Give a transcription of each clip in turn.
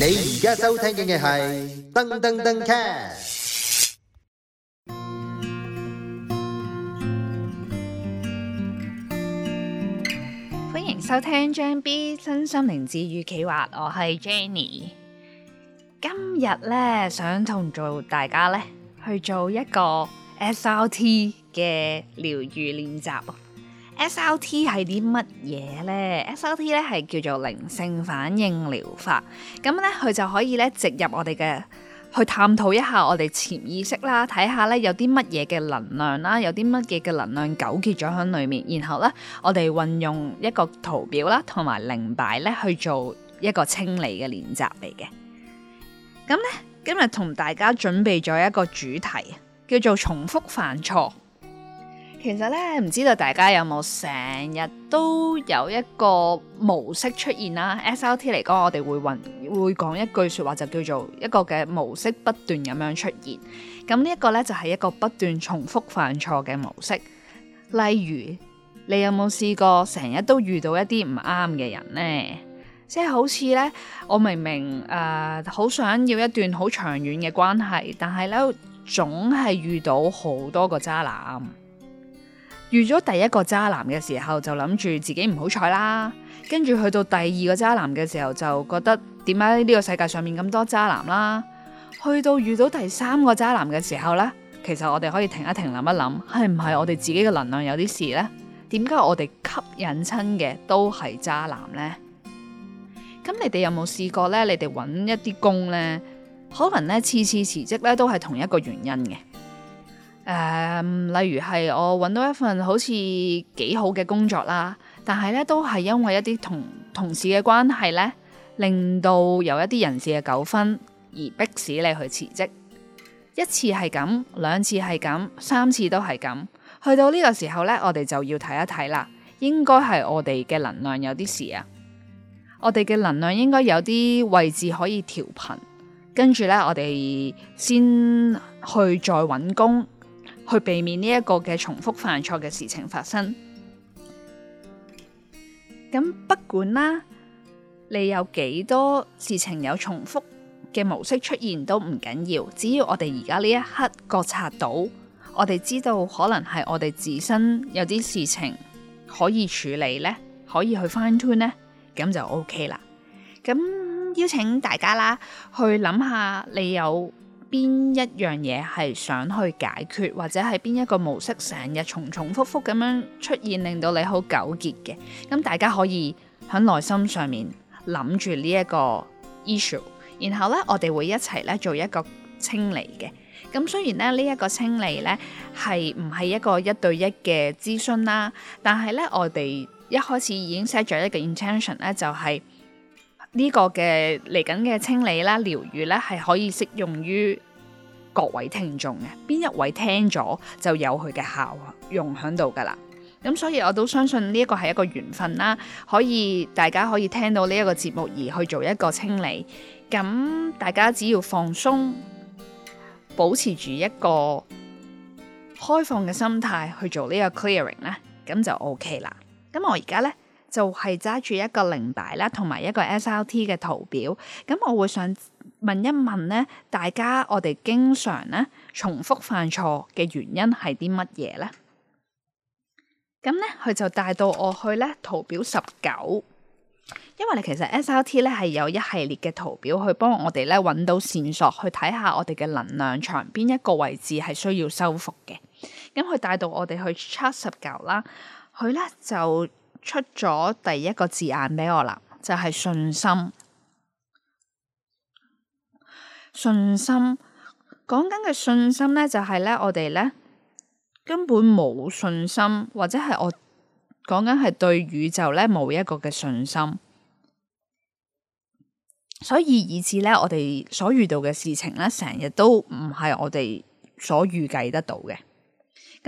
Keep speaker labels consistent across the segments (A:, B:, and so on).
A: 你而家收聽嘅係噔噔噔 cast，歡迎收聽張 B 真心靈治愈企劃，我係 Jenny，今日咧想同做大家咧去做一個 SRT 嘅療愈練習。SRT 係啲乜嘢呢？SRT 咧係叫做靈性反應療法，咁咧佢就可以咧植入我哋嘅，去探討一下我哋潛意識啦，睇下咧有啲乜嘢嘅能量啦，有啲乜嘢嘅能量糾結咗喺裏面，然後咧我哋運用一個圖表啦，同埋靈擺咧去做一個清理嘅練習嚟嘅。咁咧今日同大家準備咗一個主題，叫做重複犯錯。其實咧，唔知道大家有冇成日都有一個模式出現啦。S L T 嚟講，我哋會運會講一句說話，就叫做一個嘅模式不斷咁樣出現。咁呢一個咧就係、是、一個不斷重複犯錯嘅模式。例如，你有冇試過成日都遇到一啲唔啱嘅人呢？即係好似咧，我明明誒好、呃、想要一段好長遠嘅關係，但係咧總係遇到好多個渣男。遇咗第一個渣男嘅時候就諗住自己唔好彩啦，跟住去到第二個渣男嘅時候就覺得點解呢個世界上面咁多渣男啦？去到遇到第三個渣男嘅時候呢，其實我哋可以停一停諗一諗，係唔係我哋自己嘅能量有啲事呢？點解我哋吸引親嘅都係渣男呢？咁你哋有冇試過呢？你哋揾一啲工呢？可能呢次次辭職呢，都係同一個原因嘅。誒，um, 例如係我揾到一份好似幾好嘅工作啦，但係咧都係因為一啲同同事嘅關係咧，令到有一啲人事嘅糾紛，而迫使你去辭職。一次係咁，兩次係咁，三次都係咁。去到呢個時候咧，我哋就要睇一睇啦，應該係我哋嘅能量有啲事啊。我哋嘅能量應該有啲位置可以調頻，跟住咧，我哋先去再揾工。去避免呢一個嘅重複犯錯嘅事情發生。咁不管啦，你有幾多事情有重複嘅模式出現都唔緊要，只要我哋而家呢一刻覺察到，我哋知道可能係我哋自身有啲事情可以處理呢，可以去 fine tune 呢，咁就 OK 啦。咁邀請大家啦，去諗下你有邊一樣嘢係想去解決，或者係邊一個模式成日重重複複咁樣出現，令到你好糾結嘅？咁大家可以喺內心上面諗住呢一個 issue，然後呢，我哋會一齊咧做一個清理嘅。咁雖然咧呢一個清理呢係唔係一個一對一嘅諮詢啦，但係呢，我哋一開始已經 set 咗一個 intention 呢，就係。呢個嘅嚟緊嘅清理啦、療愈咧，係可以適用於各位聽眾嘅。邊一位聽咗就有佢嘅效用喺度㗎喇。咁所以我都相信呢一個係一個緣分啦，可以大家可以聽到呢一個節目而去做一個清理。咁大家只要放鬆，保持住一個開放嘅心態去做呢個 clearing 咧，咁就 OK 啦。咁我而家咧。就係揸住一個靈擺啦，同埋一個 S L T 嘅圖表。咁我會想問一問咧，大家我哋經常咧重複犯錯嘅原因係啲乜嘢呢？咁呢，佢就帶到我去呢圖表十九，因為其實 S L T 咧係有一系列嘅圖表去幫我哋咧揾到線索，去睇下我哋嘅能量場邊一個位置係需要修復嘅。咁佢帶到我哋去 chart 十九啦，佢呢就。出咗第一個字眼俾我啦，就係、是、信心。信心講緊嘅信心呢，就係呢我哋呢根本冇信心，或者係我講緊係對宇宙呢冇一個嘅信心，所以以致呢我哋所遇到嘅事情呢，成日都唔係我哋所預計得到嘅。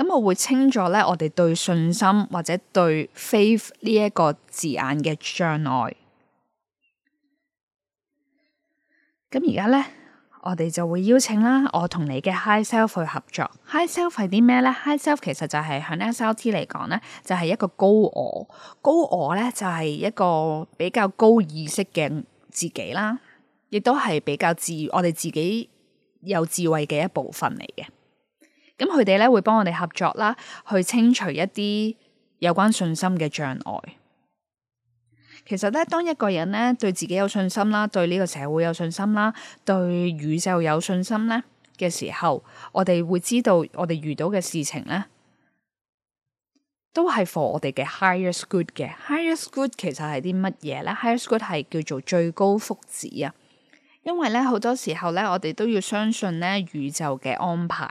A: 咁我會清咗咧，我哋對信心或者對 faith 呢一個字眼嘅障礙。咁而家咧，我哋就會邀請啦，我同你嘅 high self 去合作。high self 係啲咩咧？high self 其實就係響 SRT 嚟講咧，就係、是、一個高我，高我咧就係、是、一個比較高意識嘅自己啦，亦都係比較自我哋自己有智慧嘅一部分嚟嘅。咁佢哋咧會幫我哋合作啦，去清除一啲有關信心嘅障礙。其實咧，當一個人咧對自己有信心啦，對呢個社會有信心啦，對宇宙有信心咧嘅時候，我哋會知道我哋遇到嘅事情咧，都係 for 我哋嘅 highest good 嘅。Highest good 其實係啲乜嘢咧？highest good 係叫做最高福祉啊。因為咧好多時候咧，我哋都要相信咧宇宙嘅安排。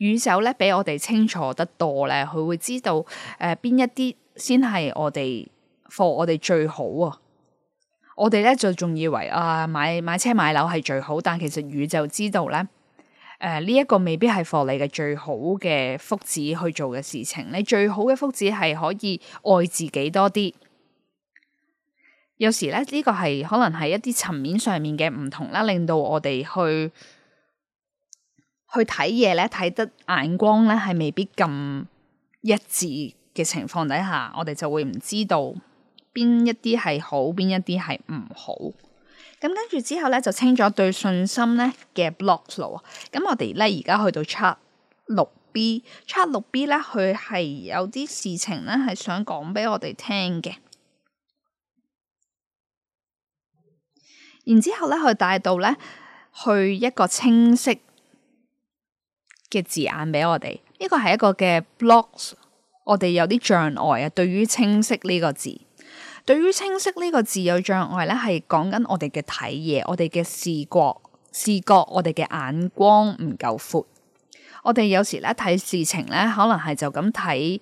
A: 宇宙咧俾我哋清楚得多咧，佢會知道誒邊、呃、一啲先係我哋貨我哋最好啊！我哋咧就仲以為啊買買車買樓係最好，但其實宇宙知道咧誒呢一、呃這個未必係貨你嘅最好嘅福祉去做嘅事情，你最好嘅福祉係可以愛自己多啲。有時咧呢、這個係可能係一啲層面上面嘅唔同啦，令到我哋去。去睇嘢咧，睇得眼光咧，係未必咁一致嘅情況底下，我哋就會唔知道邊一啲係好，邊一啲係唔好。咁跟住之後咧，就清咗對信心咧嘅 block 路。咁我哋咧而家去到七六 B。七六 B 咧，佢係有啲事情咧，係想講俾我哋聽嘅。然之後咧，佢帶到咧去一個清晰。嘅字眼俾我哋，呢個係一個嘅 blocks，我哋有啲障礙啊。對於清晰呢個字，對於清晰呢個字有障礙咧，係講緊我哋嘅睇嘢，我哋嘅視覺、視覺，我哋嘅眼光唔夠闊。我哋有時咧睇事情咧，可能係就咁睇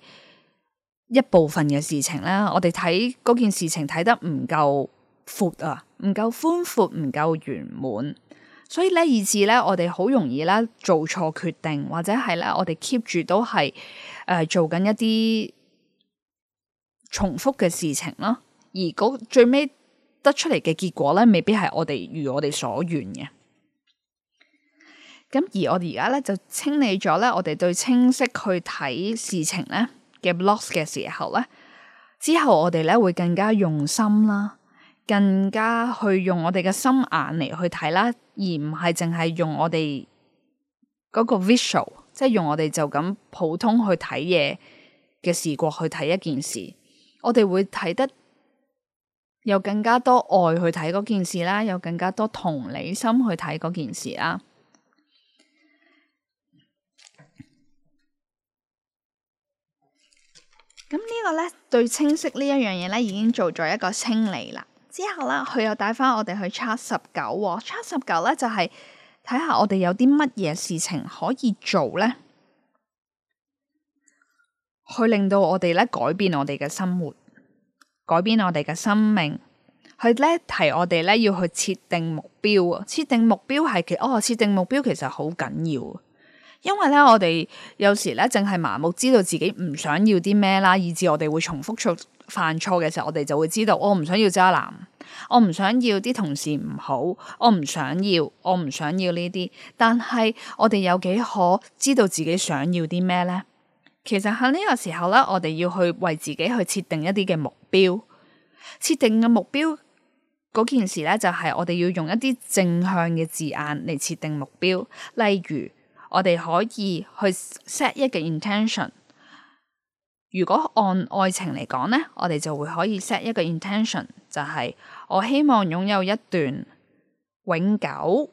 A: 一部分嘅事情咧，我哋睇嗰件事情睇得唔夠闊啊，唔夠寬闊，唔夠圓滿。所以咧，以致咧，我哋好容易咧做錯決定，或者係咧，我哋 keep 住都係誒做緊一啲重複嘅事情啦。而最尾得出嚟嘅結果咧，未必係我哋如我哋所願嘅。咁而我哋而家咧就清理咗咧，我哋對清晰去睇事情咧嘅 loss 嘅時候咧，之後我哋咧會更加用心啦。更加去用我哋嘅心眼嚟去睇啦，而唔係淨係用我哋嗰個 visual，即係用我哋就咁普通去睇嘢嘅視覺去睇一件事，我哋會睇得有更加多愛去睇嗰件事啦，有更加多同理心去睇嗰件事啦。咁呢個咧對清晰呢一樣嘢咧已經做咗一個清理啦。之後啦，佢又帶翻我哋去 chapter 十九喎。chapter 十九咧就係、是、睇下我哋有啲乜嘢事情可以做咧，去令到我哋咧改變我哋嘅生活，改變我哋嘅生命。佢咧提我哋咧要去設定目標啊！設定目標係其哦，設定目標其實好緊要。因為咧，我哋有時咧淨係盲目知道自己唔想要啲咩啦，以至我哋會重複錯犯錯嘅時候，我哋就會知道我唔想要渣男，我唔想要啲同事唔好，我唔想要，我唔想要呢啲。但係我哋有幾可知道自己想要啲咩呢？其實喺呢個時候咧，我哋要去為自己去設定一啲嘅目標，設定嘅目標嗰件事咧，就係我哋要用一啲正向嘅字眼嚟設定目標，例如。我哋可以去 set 一個 intention。如果按愛情嚟講呢，我哋就會可以 set 一個 intention，就係我希望擁有一段永久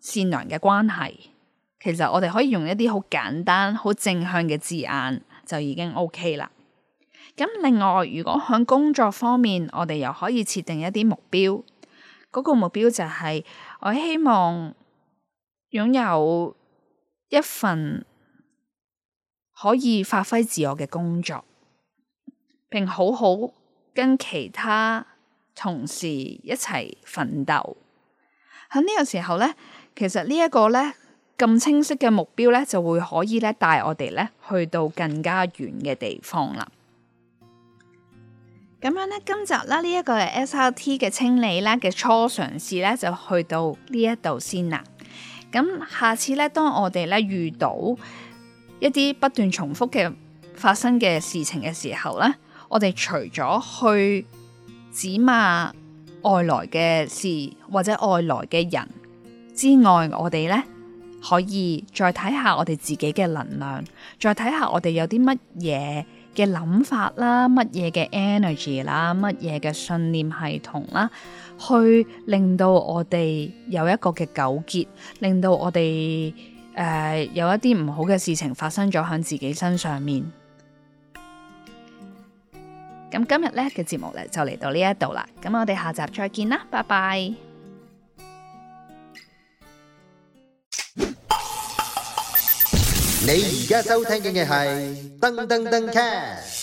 A: 善良嘅關係。其實我哋可以用一啲好簡單、好正向嘅字眼就已經 ok 啦。咁另外，如果響工作方面，我哋又可以設定一啲目標，嗰個目標就係我希望，擁有一份可以發揮自我嘅工作，並好好跟其他同事一齊奮鬥。喺呢個時候呢，其實呢一個呢咁清晰嘅目標呢，就會可以呢帶我哋呢去到更加遠嘅地方啦。咁樣呢，今集啦呢一個嘅 SRT 嘅清理呢嘅初嘗試、試呢，就去到呢一度先啦。咁下次咧，當我哋咧遇到一啲不斷重複嘅發生嘅事情嘅時候咧，我哋除咗去指罵外來嘅事或者外來嘅人之外，我哋咧可以再睇下我哋自己嘅能量，再睇下我哋有啲乜嘢。嘅諗法啦，乜嘢嘅 energy 啦，乜嘢嘅信念系統啦，去令到我哋有一個嘅糾結，令到我哋誒、呃、有一啲唔好嘅事情發生咗喺自己身上面。咁 今日咧嘅節目咧就嚟到呢一度啦，咁我哋下集再見啦，拜拜。你而家收聽嘅係噔噔噔 cat